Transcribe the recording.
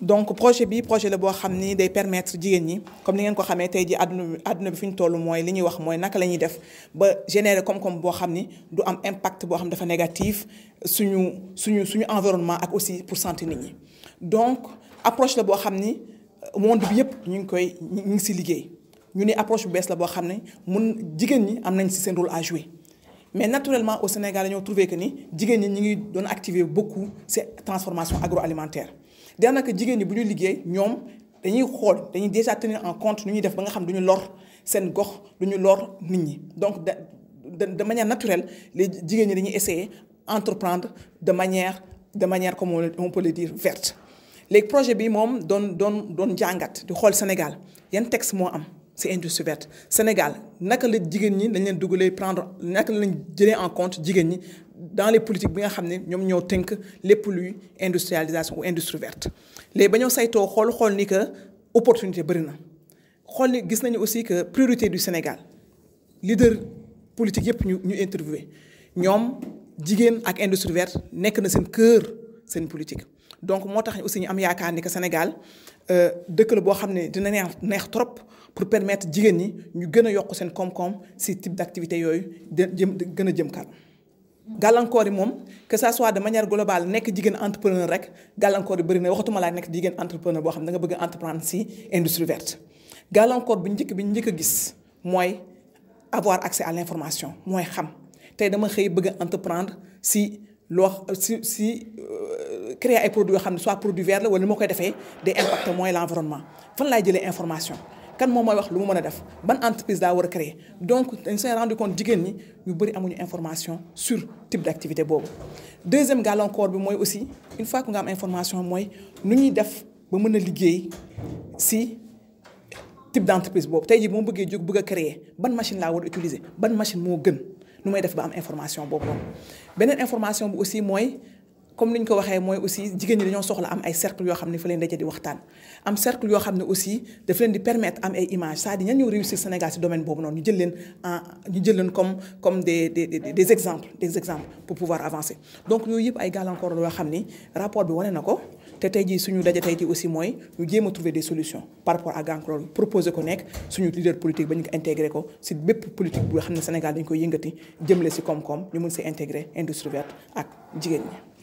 donc projet bi projet la bo xamni day permettre jigéen ñi comme ni ngeen ko xamé tay ji aduna aduna bi fiñ ñu moy mooy li ñuy wax moy naka lañuy def ba générer comme comme bo xamni du am impact bo xam dafa négatif suñu suñu suñu environnement ak aussi pour santé nit ñi donc approche la bo xamni euh, monde bi yépp ñu ngi koy ñu ngi si liggéey ñu ne approche bu bees la boo xam ne mun jigéen ñi am nañ si seen rôle à jouer mais naturellement au Sénégal dañoo trouvé que ni jigéen ñi ñu ngi doon activer beaucoup ces transformations agroalimentaires danaka jigéen ñi bu ñu liggéey ñoom dañuy xool dañuy déjà tenir en compte nu ñuy def ba nga xam du ñu lor seen gox du ñu lor nit ñi donc de manière naturelle les jigéen ñi dañuy essayer entreprendre de manière de manière comme on peut le dire verte. léegi projet bi moom doon doon doon jàngat di xool Sénégal yan texte moo am c'est industrie verte Sénégal naka la jigéen ñi dañ leen dugalee prendre naka lañ jëlee en compte jigéen ñi dans les politiques bi nga xam ne ñoom ñoo tënk lépp luy industrialisation ou industrie verte Les ba sayto xol xol ni que opportunité bari na xol ni gis nañu aussi que priorité du Sénégal leader politique yépp ñu ñu interviewé ñom jigen ak industrie verte nek na seen cœur seen politique donc moo tax aussi ñu am yaakaar ni que Sénégal euh, dëkk la boo xam ne dina neex neex trop pour permettre jigéen ñi ñu gën a yokk seen koom-koom si type d' activité yooyu de gën a jëm kanam gàllankoor mom que ça soit de manière globale nek jigéen entrepreneur rek gàllankoor yi bëri na waxatuma la nek jigéen entrepreneur bo xam da nga bëgg entreprendre ci industrie verte gàllankoor bu ñëk bi ñëk gis moy avoir accès à l'information moy xam tay dama xey bëgg entreprendre ci lo si si euh, créer ay produits yo xam ne soit produit vert la wala ni ma koy defee des impacts moins l'environnement fan lay jëlé information kan moom mooy wax lu mu mën a def ban entreprise daa war a créer donc dañ seen rendu compte jigéen ñi ñu bëri amuñu information sur type d' activité boobu. deuxième gàllankoor bi mooy aussi une fois que nga am information mooy nu ñuy def ba mën a liggéey si. type d' entreprise boobu tey jii bu ma bëggee jóg bëgg a créer ban machine laa war utiliser ban machine moo gën nu may def ba am information boobu noonu beneen information bi aussi mooy comme niñ ko waxé moy aussi jigéen ñi dañoo soxla am ay cercle yo xamné fa leen daje di waxtaan am cercle yo xamné aussi daf leen di permettre am ay image c'est-à-dire ñan ñoo réussir Sénégal ci domaine bobu non ñu jël leen ñu jël leen comme comme des des des exemples des exemples pour pouvoir avancer donc yooyu yep ay gàllankoor lo xamné rapport bi woné nako té tay ji suñu dajé tay ji aussi moy ñu jéma trouver des solutions par rapport à gàllankoor proposer ko nek suñu leader politique bañu intégrer ko ci bépp politique bu xamné Sénégal dañ koy yëngëti jëmlé ci koom-koom ñu mën ci intégrer industrie verte ak jigéen ñi